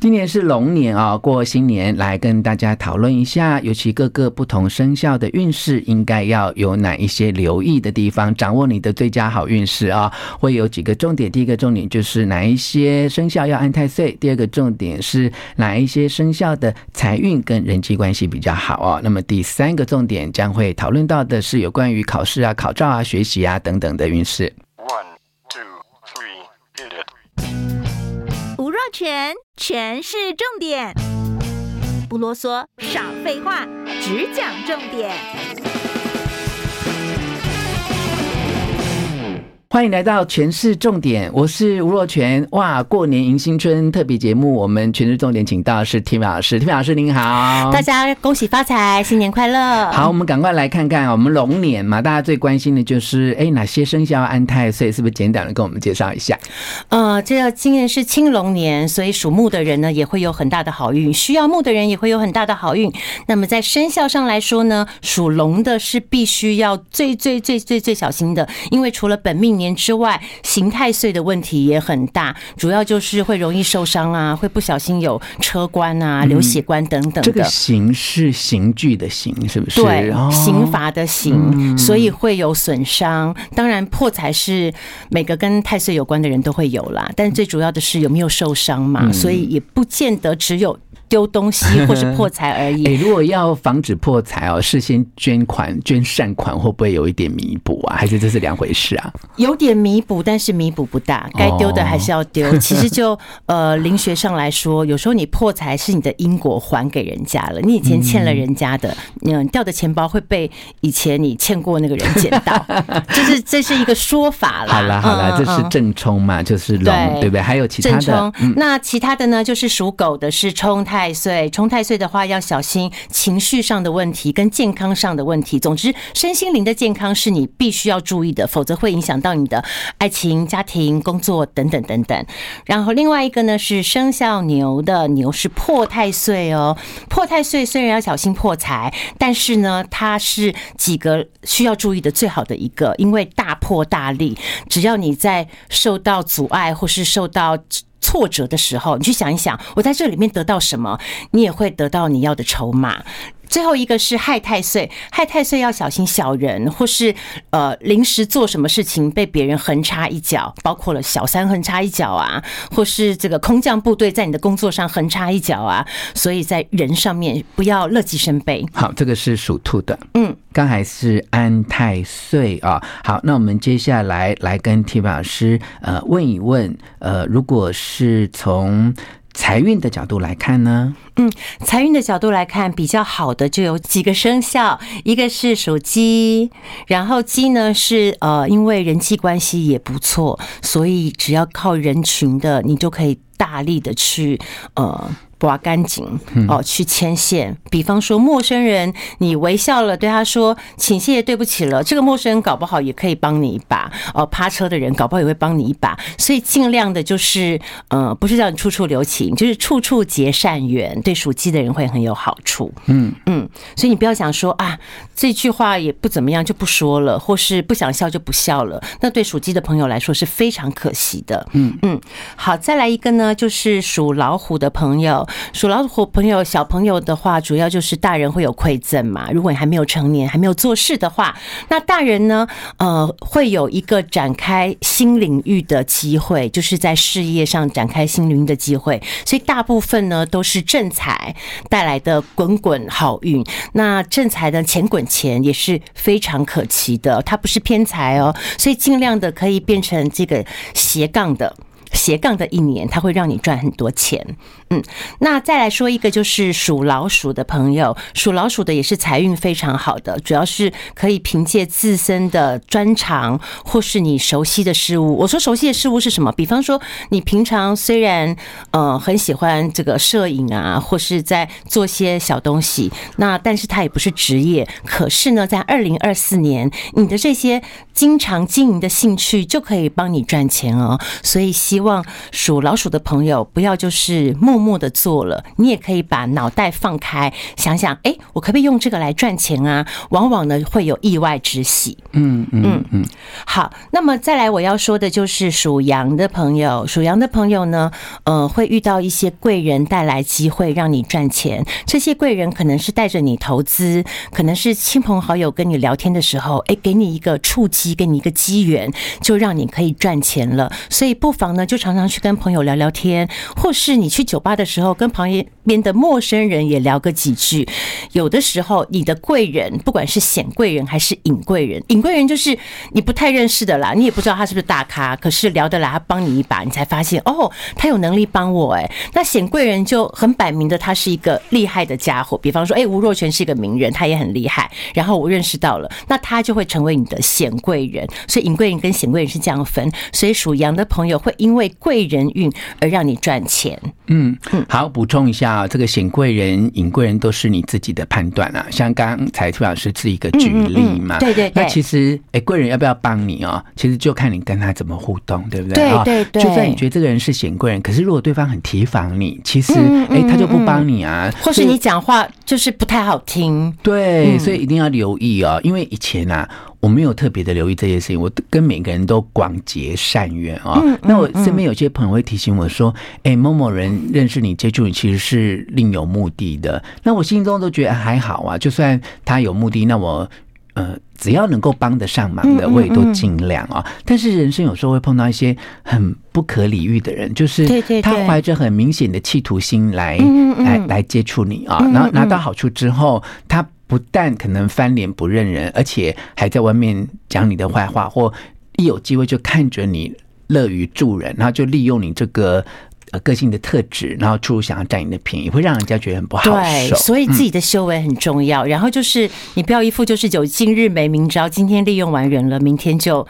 今年是龍年啊，過新年來跟大家討論一下，尤其各個不同生肖的運勢，應該要有哪一些留意的地方，掌握你的最佳好運勢啊，會有幾個重點。第一個重點就是哪一些生肖要安太歲，第二個重點是哪一些生肖的財運跟人際關係比較好哦；那麼第三個重點將會討論到的是有關於考試啊、考照啊、學習啊等等的運勢。權式重點，不囉嗦，少廢話，只講重點。歡迎來到《權式重點》，我是吳若權。哇，過年迎新春特別節目，我們《權式重點》請到是 Tiffany 老師。Tiffany 老師您好，大家恭喜發財，新年快樂！好，我們趕快來看看我們龍年嘛，大家最關心的就是哎，哪些生肖安太歲？所以是不是簡短的跟我們介紹一下？呃，這個今年是青龍年，所以屬木的人呢也會有很大的好運，需要木的人也會有很大的好運。那麼在生肖上來說呢，屬龍的是必須要最最最最最，最，最小心的，因為除了本命年之外，刑太歲的問題也很大，主要就是會容易受傷啊，會不小心有車關啊、流血關等等的。嗯，這個刑是刑具的刑，是不是？對，刑罰的刑，哦，所以會有損傷。嗯，當然破財是每個跟太歲有關的人都會有啦，但最主要的是有沒有受傷嘛，嗯，所以也不見得只有。丟東西或是破財而已。哎、 欸，如果要防止破財哦，事先捐款捐善款會不會有一點彌補啊？還是這是兩回事啊？有點彌補，但是彌補不大。該丟的還是要丟。哦、其實就呃， 靈學上來說，有時候你破財是你的因果還給人家了，你以前欠了人家的，嗯，你掉的錢包會被以前你欠過那個人撿到， 這是這是一個說法了。好了好了，這是正沖嘛，嗯嗯嗯就是龍對，對不對？還有其他的衝、嗯、那其他的呢？就是屬狗的是沖它。太歲沖太歲的話，要小心情緒上的問題跟健康上的問題。總之，身心靈的健康是你必須要注意的，否則會影響到你的愛情、家庭、工作等等等等。然後另外一個呢，是生肖牛的牛是破太歲哦。破太歲雖然要小心破財，但是呢，它是幾個需要注意的最好的一個，因為大破大利。只要你在受到阻礙或是受到挫折的時候，你去想一想，我在這裡面得到什麼？你也會得到你要的籌碼。最後一個是害太歲，害太歲要小心小人，或是呃臨時做什麼事情被別人橫插一腳，包括了小三橫插一腳啊，或是這個空降部隊在你的工作上橫插一腳啊，所以在人上面不要樂極生悲。好，這個是屬兔的，嗯，剛才是安太歲啊。好，那我們接下來來跟 Tiffany 老師呃問一問，呃，如果是從。財運的角度來看呢，嗯，財運的角度來看比較好的就有幾個生肖，一個是屬雞，然後雞呢是呃，因為人際關係也不錯，所以只要靠人群的，你就可以大力的去呃。刮乾淨哦，去牽線。嗯、比方說陌生人，你微笑了，對他說：“請謝謝，對不起了。”這個陌生人搞不好也可以幫你一把哦。趴車的人搞不好也會幫你一把，所以盡量的就是，呃，不是叫你處處留情，就是處處結善緣，對屬雞的人會很有好處。嗯嗯，所以你不要想說啊，這句話也不怎麼樣，就不說了，或是不想笑就不笑了，那對屬雞的朋友來說是非常可惜的。嗯嗯，好，再來一個呢，就是屬老虎的朋友。屬老虎朋友，小朋友的話，主要就是大人會有饋贈嘛。如果你還沒有成年，還沒有做事的話，那大人呢，呃，會有一個展開新領域的機會，就是在事業上展開新領域的機會。所以大部分呢都是正財帶來的滾滾好運。那正財呢，錢滾錢也是非常可期的，它不是偏財哦。所以儘量的可以變成這個斜槓的。斜槓的一年，它會讓你賺很多錢。嗯，那再來說一個，就是屬老鼠的朋友，屬老鼠的也是財運非常好的，主要是可以憑借自身的專長或是你熟悉的事物。我說熟悉的事物是什麼？比方說，你平常雖然呃很喜歡這個攝影啊，或是在做些小東西，那但是它也不是職業。可是呢，在二零二四年，你的這些經常經營的興趣就可以幫你賺錢哦。所以希希望屬老鼠的朋友不要就是默默的做了，你也可以把腦袋放開想想，哎，我可不可以用這個來賺錢啊？往往呢會有意外之喜。嗯，嗯嗯嗯，好。那麼再來我要說的就是屬羊的朋友，屬羊的朋友呢，呃，會遇到一些貴人帶來機會讓你賺錢。這些貴人可能是帶着你投資，可能是親朋好友跟你聊天的時候，哎，給你一個觸及，給你一個機緣，就讓你可以賺錢了。所以不妨呢，就常常去跟朋友聊聊天，或是你去酒吧的時候，跟旁邊邊的陌生人也聊個幾句。有的時候，你的貴人，不管是顯貴人還是隱貴人，隱貴人就是你不太認識的啦，你也不知道他是不是大咖，可是聊得來，他幫你一把，你才發現哦，他有能力幫我、欸。哎，那顯貴人就很擺明的，他是一個厲害的家伙。比方說，哎、欸，吳若權是一個名人，他也很厲害。然後我認識到了，那他就會成為你的顯貴人。所以隱貴人跟顯貴人是這樣分。所以屬羊的朋友會因為為貴人運而讓你賺錢，嗯，好補充一下、哦、這個顯貴人、隱貴人都是你自己的判斷啊。像剛才邱老師是一個舉例嘛，嗯嗯嗯對，對對。那其實，哎，貴人要不要幫你啊、哦？其實就看你跟他怎麼互動，對不對？對對，對、哦。就算你覺得這個人是顯貴人，可是如果對方很提防你，其實嗯嗯嗯嗯，哎，他就不幫你啊。或是你講話就是不太好聽，對，嗯、所以一定要留意哦，因為以前呢、啊。我沒有特別的留意這些事情，我跟每個人都廣結善緣啊、哦。嗯嗯嗯那我身邊有些朋友會提醒我說：“哎、欸，某某人認識你、接觸你，其實是另有目的的。”那我心中都覺得還好啊，就算他有目的，那我呃只要能夠幫得上忙的，我也都盡量啊、哦。嗯嗯嗯但是人生有時候會碰到一些很不可理喻的人，就是他懷着很明顯的企圖心來嗯嗯嗯來來接觸你啊、哦，然後拿拿到好處之後，他。不但可能翻臉不認人，而且還在外面講你的壞話，或一有機會就看着你樂於助人，然後就利用你這個。呃，個性的特質，然後處處想要佔你的便宜，會讓人家覺得很不好受。對，所以自己的修為很重要。嗯、然後就是你不要一副就是有今日沒明朝，明今天利用完人了，明天就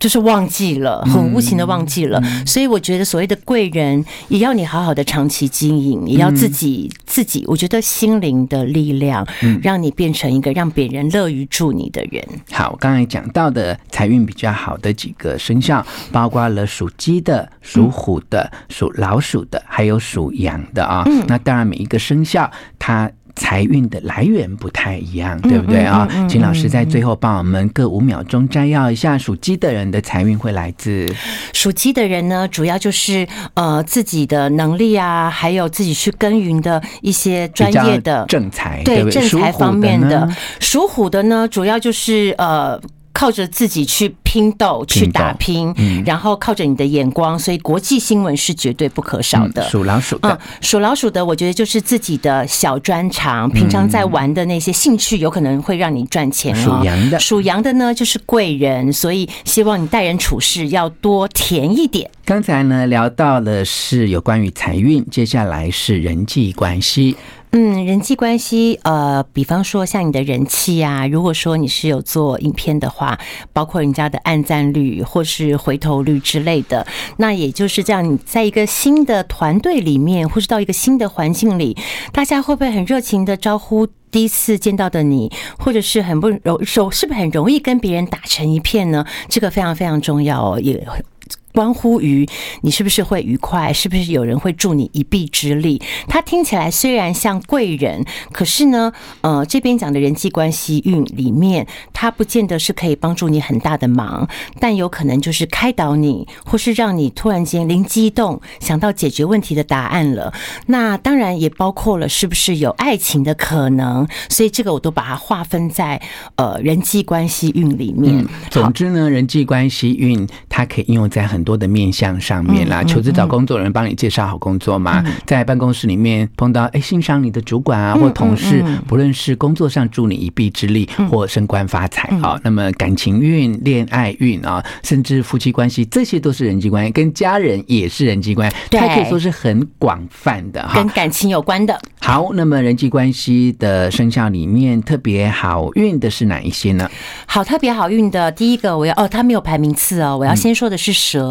就是忘記了，很無情的忘記了。嗯、所以我覺得所謂的貴人，也要你好好的長期經營，也要自己、嗯、自己。我覺得心靈的力量，嗯，讓你變成一個讓別人樂於助你的人。好，我剛才講到的財運比較好的幾個生肖，包括了屬雞的、屬虎的、嗯、屬。老鼠的，還有屬羊的啊、哦，嗯、那當然每一個生肖它財運的來源不太一樣，嗯、對不對啊、哦？嗯嗯嗯、請老師在最後幫我們各五秒鐘摘要一下，嗯、屬雞的人的財運會來自屬雞的人呢，主要就是呃自己的能力啊，還有自己去耕耘的一些專業的正財，對，對正財方面的。屬虎的呢，主要就是呃靠着自己去。拼鬥去打拼，拼嗯、然後靠着你的眼光，所以國際新聞，是絕對不可少的。屬老鼠的，屬老鼠的，我覺得就是自己的小專長，平常在玩的那些興趣，有可能會讓你賺錢、哦。嗯、屬羊的，屬羊的呢，就是貴人，所以希望你待人處事要多甜一點。剛才呢聊到了是有關於財運，接下來是人際關係。嗯，人際關係，呃，比方說像你的人氣啊，如果說你是有做影片的話，包括人家的。按讚率或是回頭率之類的，那也就是這樣。你在一個新的團隊裡面，或是到一個新的環境裡，大家會不會很熱情的招呼第一次見到的你，或者是很不容易，是不是很容易跟別人打成一片呢？這個非常非常重要哦，也。關乎於你是不是會愉快，是不是有人會助你一臂之力？他聽起來雖然像貴人，可是呢，呃，這邊講的人際關係運裡面，他不見得是可以幫助你很大的忙，但有可能就是開導你，或是讓你突然間靈機一動，想到解決問題的答案了。那當然也包括了是不是有愛情的可能，所以這個我都把它劃分在呃人際關係運裡面。嗯、總之呢，好人際關係運它可以應用在很。多的面向上面啦、啊，求職找工作人幫你介紹好工作嘛，嗯、在辦公室裡面碰到哎、欸、欣賞你的主管啊或同事，嗯嗯嗯、不論是工作上助你一臂之力、嗯、或升官發財好、哦，嗯、那麼感情運、戀愛運啊、哦，甚至夫妻關係，這些都是人際關係，跟家人也是人際關係，對，它可以說是很廣泛的哈、哦，跟感情有關的。好，那麼人際關係的生肖裡面特別好運的是哪一些呢？好，特別好運的第一個，我要哦，他沒有排名次哦，我要先說的是蛇。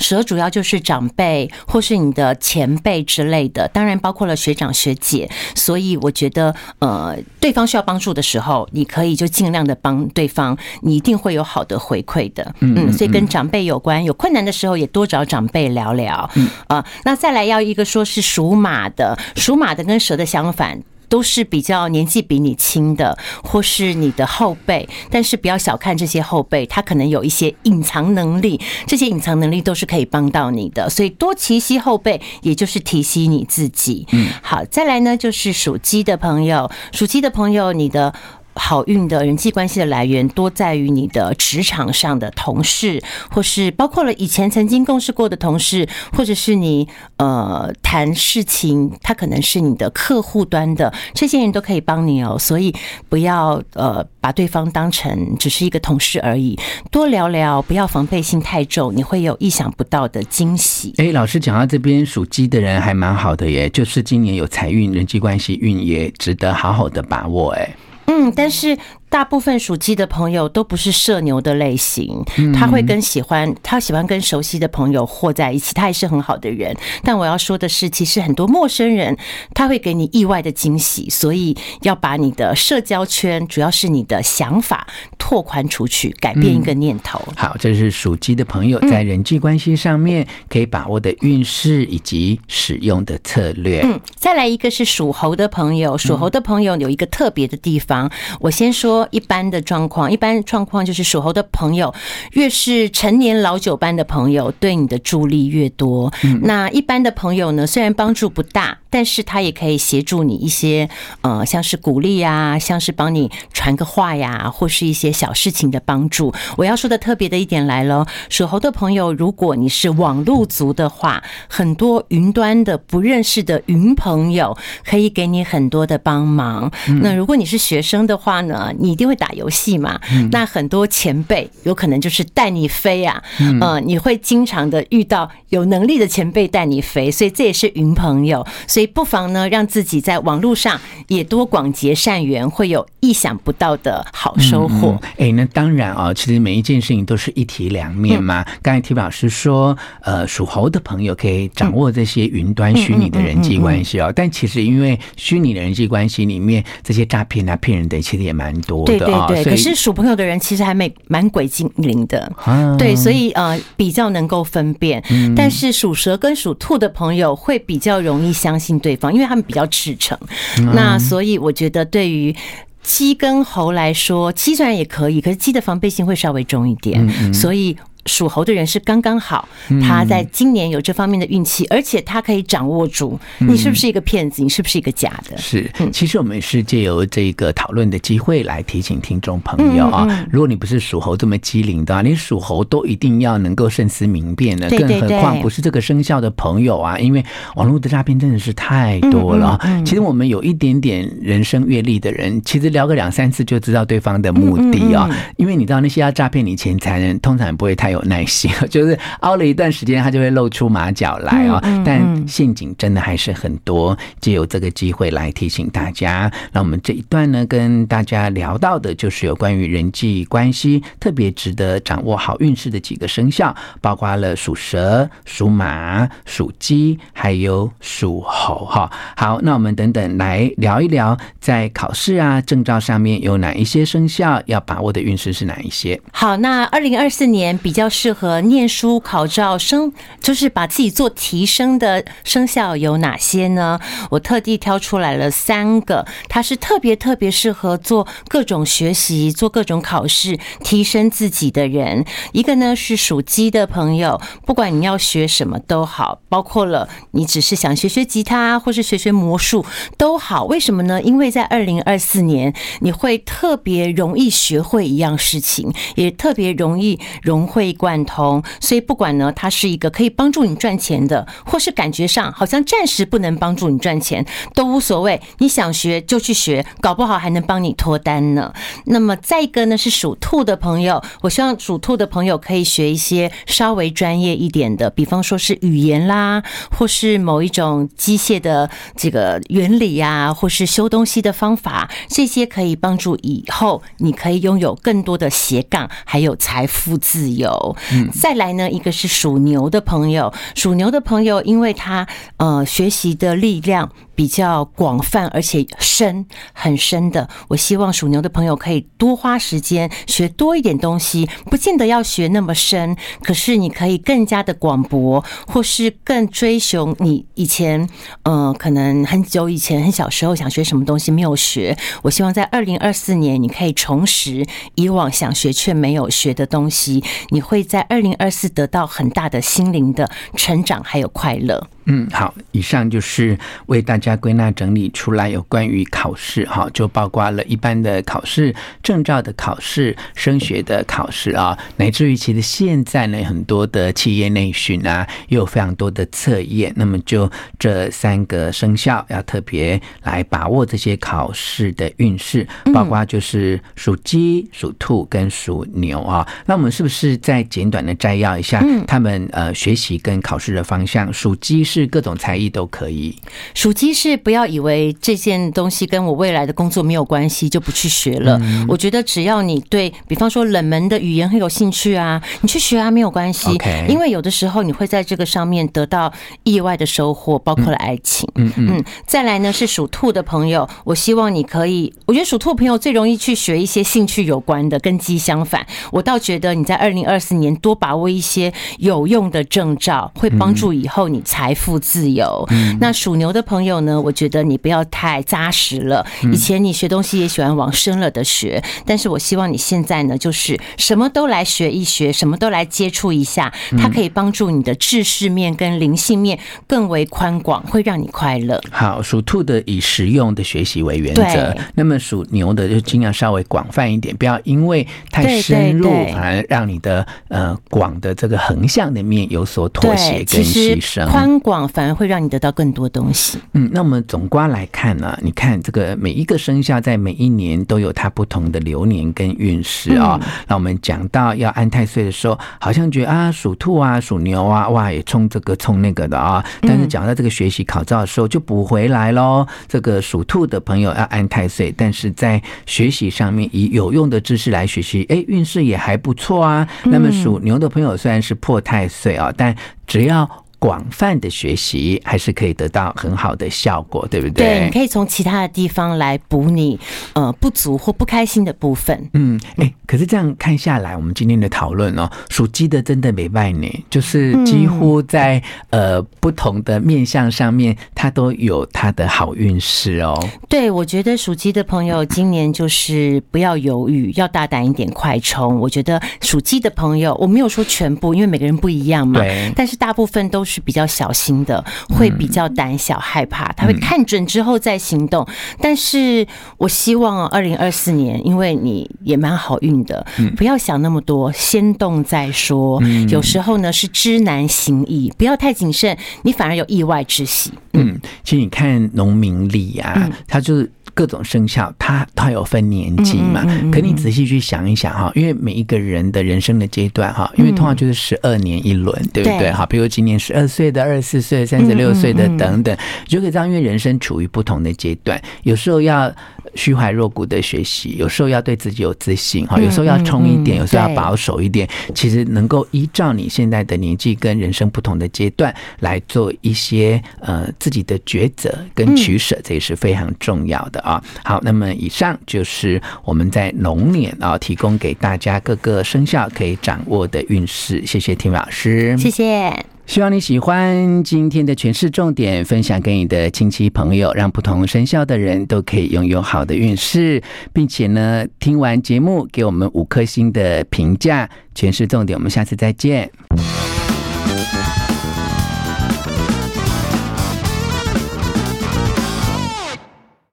蛇主要就是長輩或是你的前輩之類的，當然包括了學長學姐。所以我覺得，呃，對方需要幫助的時候，你可以就盡量的幫對方，你一定會有好的回饋的。嗯，所以跟長輩有關，有困難的時候也多找長輩聊聊。嗯、呃、啊，那再來要一個說是屬馬的，屬馬的跟蛇的相反。都是比較年紀比你輕的，或是你的後輩，但是不要小看這些後輩，他可能有一些隱藏能力，這些隱藏能力都是可以幫到你的，所以多提攜後輩，也就是提攜你自己。嗯，好，再來呢，就是屬雞的朋友，屬雞的朋友，你的。好運的人際關係的來源多在於你的職場上的同事，或是包括了以前曾經共事過的同事，或者是你呃談事情，他可能是你的客戶端的，這些人都可以幫你哦。所以不要呃把對方當成只是一個同事而已，多聊聊，不要防備心太重，你會有意想不到的驚喜。誒、欸，老師講到這邊，屬雞的人還蠻好的耶，就是今年有財運，人際關係運也值得好好的把握。誒。嗯，但是。大部分屬雞的朋友都不是社牛的類型，嗯、他會跟喜歡，他喜歡跟熟悉的朋友和在一起，他也是很好的人。但我要說的是，其實很多陌生人他會給你意外的驚喜，所以要把你的社交圈，主要是你的想法拓寬出去，改變一個念頭。嗯、好，這是屬雞的朋友在人際關係上面可以把握的運勢以及使用的策略。嗯，再來一個是屬猴的朋友，屬猴的朋友有一個特別的地方，我先說。說一般的狀況，一般狀況就是屬猴的朋友，越是成年老酒班的朋友，對你的助力越多。嗯、那一般的朋友呢，雖然幫助不大，但是他也可以協助你一些，呃，像是鼓勵呀、啊，像是幫你傳個話呀，或是一些小事情的幫助。我要說的特別的一點來了，屬猴的朋友，如果你是網路族的話，嗯、很多雲端的不認識的雲朋友可以給你很多的幫忙。嗯、那如果你是學生的話呢，你你一定會打遊戲嘛？那很多前輩有可能就是帶你飛啊、嗯呃，你會經常的遇到有能力的前輩帶你飛，所以這也是雲朋友，所以不妨呢，讓自己在網絡上也多廣結善緣，會有意想不到的好收穫。哎、嗯嗯欸，那當然啊、哦，其實每一件事情都是一體兩面嘛。嗯、剛才 Tiffany 老師說，呃，屬猴的朋友可以掌握這些雲端虛擬的人際關係啊，但其實因為虛擬的人際關係裡面，這些詐騙啊、騙人的其實也蠻多。啊、對對對，以可是屬朋友的人其實還沒蠻鬼精靈的，啊、對，所以呃比較能夠分辨。嗯、但是屬蛇跟屬兔的朋友會比較容易相信對方，因為他們比較赤誠。嗯、那所以我覺得對於雞跟猴來說，雞雖然也可以，可是雞的防備心會稍微重一點，嗯嗯、所以。屬猴的人是剛剛好，他在今年有這方面的運氣，嗯、而且他可以掌握住你是不是一個騙子，嗯、你是不是一個假的。是，嗯、其實我們是借由這個討論的機會來提醒聽眾朋友啊，嗯嗯、如果你不是屬猴這麼機靈的話，你屬猴都一定要能夠慎思明辨的，嗯、更何況不是這個生肖的朋友啊，嗯、因為網絡的詐騙真的是太多了。嗯嗯、其實我們有一點點人生閱歷的人，其實聊個兩三次就知道對方的目的啊，嗯嗯嗯、因為你知道那些要詐騙你錢財的人，通常不會太有。有耐心，就是熬了一段時間，他就會露出馬腳來哦。嗯嗯、但陷阱真的還是很多，藉由這個機會來提醒大家。那我們這一段呢，跟大家聊到的就是有關於人際關係特別值得掌握好運勢的幾個生肖，包括了屬蛇、屬馬、屬雞，還有屬猴。哈，好，那我們等等來聊一聊，在考試啊、證照上面有哪一些生肖要把握的運勢是哪一些？好，那二零二四年比較。適合唸書、考照、生就是把自己做提升的生肖有哪些呢？我特地挑出來了三個，它是特別特別適合做各種學習、做各種考試、提升自己的人。一個呢是屬雞的朋友，不管你要學什麼都好，包括了你只是想學學吉他或是學學魔術都好。為什麼呢？因為在二零二四年，你會特別容易學會一樣事情，也特別容易融會貫通，所以不管呢，它是一個可以幫助你賺錢的，或是感覺上好像暫時不能幫助你賺錢都無所謂。你想學就去學，搞不好還能幫你脫單呢。那麼再一個呢，是屬兔的朋友，我希望屬兔的朋友可以學一些稍微專業一點的，比方說是語言啦，或是某一種機械的這個原理啊，或是修東西的方法，這些可以幫助以後你可以擁有更多的斜槓，還有財富自由。嗯，再來呢，一個是屬牛的朋友，屬牛的朋友，因為他呃學習的力量，比較廣泛而且深很深的，我希望屬牛的朋友可以多花時間學多一點東西，不見得要學那麼深，可是你可以更加的廣博，或是更追尋你以前，嗯，可能很久以前很小時候想學什麼東西沒有學，我希望在二零二四年你可以重拾以往想學卻沒有學的東西，你會在二零二四得到很大的心靈的成長還有快樂。嗯，好，以上就是為大家，再歸納整理出來有關於考試哈，就包括了一般的考試、證照的考試、升學的考試啊，乃至於其實現在呢，很多的企業內訓啊，也有非常多的測驗。那麼就這三個生肖要特別來把握這些考試的運勢，包括就是屬雞、屬兔跟屬牛啊。嗯、那我們是不是再簡短的摘要一下他們呃學習跟考試的方向？屬雞是各種才藝都可以，屬雞。但是不要以為這件東西跟我未來的工作沒有關係，就不去學了。嗯、我覺得只要你對，比方說冷門的語言很有興趣啊，你去學啊沒有關係，Okay. 因為有的時候你會在這個上面得到意外的收穫，包括了愛情。嗯，嗯，嗯，嗯，再來呢是屬兔的朋友，我希望你可以，我覺得屬兔的朋友最容易去學一些興趣有關的，跟雞相反。我倒覺得你在二零二四年多把握一些有用的證照，會幫助以後你財富自由。嗯、那屬牛的朋友呢？那我覺得你不要太扎實了。以前你學東西也喜歡往深了的學，嗯，但是我希望你現在呢，就是什麼都來學一學，什麼都來接觸一下，它可以幫助你的知識面跟靈性面更為寬廣，會讓你快樂。好，屬兔的以實用的學習為原則，對那麼屬牛的就盡量稍微廣泛一點，不要因為太深入對對對而讓你的呃廣的這個橫向的面有所妥協跟犧牲。寬廣反而會讓你得到更多東西。嗯。那麼總觀來看呢、啊，你看這個每一個生肖在每一年都有它不同的流年跟運勢啊、哦。嗯、那我們講到要安太歲的時候，好像覺得啊，屬兔啊、屬牛啊，哇，也沖這個沖那個的啊、哦。但是講到這個學習考照的時候，就補回來咯、嗯、這個屬兔的朋友要安太歲，但是在學習上面以有用的知識來學習，哎，運勢也還不錯啊。那麼屬牛的朋友雖然是破太歲啊、哦，但只要。廣泛的學習還是可以得到很好的效果，對不對？對，你可以從其他的地方來補你呃不足或不開心的部分。嗯，哎、欸，可是這樣看下來，我們今天的討論哦，屬雞的真的沒敗你就是幾乎在、嗯、呃不同的面向上面，它都有它的好運勢哦。對，我覺得屬雞的朋友今年就是不要猶豫，要大膽一點，快衝！我覺得屬雞的朋友，我沒有說全部，因為每個人不一樣嘛，對，但是大部分都。是比較小心的，會比較膽小、嗯、害怕，他會看準之後再行動。嗯、但是我希望二零二四年，因為你也蠻好運的，嗯、不要想那麼多，先動再說。嗯、有時候呢是知難行易，不要太謹慎，你反而有意外之喜。嗯，嗯，其實你看農民曆啊，嗯、他就各種生肖，它、它有分年紀嘛？嗯嗯嗯嗯，可你仔細去想一想哈、哦，因為每一個人的人生的階段哈，因為通常就是十二年一輪，嗯嗯對不對？哈，比如今年十二歲的、二十四歲、三十六歲的等等，嗯嗯嗯，就可以這樣，因為人生處於不同的階段，有時候要。虛懷若谷的學習，有時候要對自己有自信哈，有時候要沖一點，嗯嗯嗯有時候要保守一點。對其實能夠依照你現在的年紀跟人生不同的階段來做一些呃自己的抉擇跟取捨，這也是非常重要的啊。嗯、好，那麼以上就是我們在龍年啊提供給大家各個生肖可以掌握的運勢。謝謝 Tiffany 老師，謝謝。希望你喜歡今天的權式重點，分享給你的親戚朋友，讓不同生肖的人都可以擁有好的運勢，並且呢，聽完節目給我們五顆星的評價。權式重點，我們下次再見。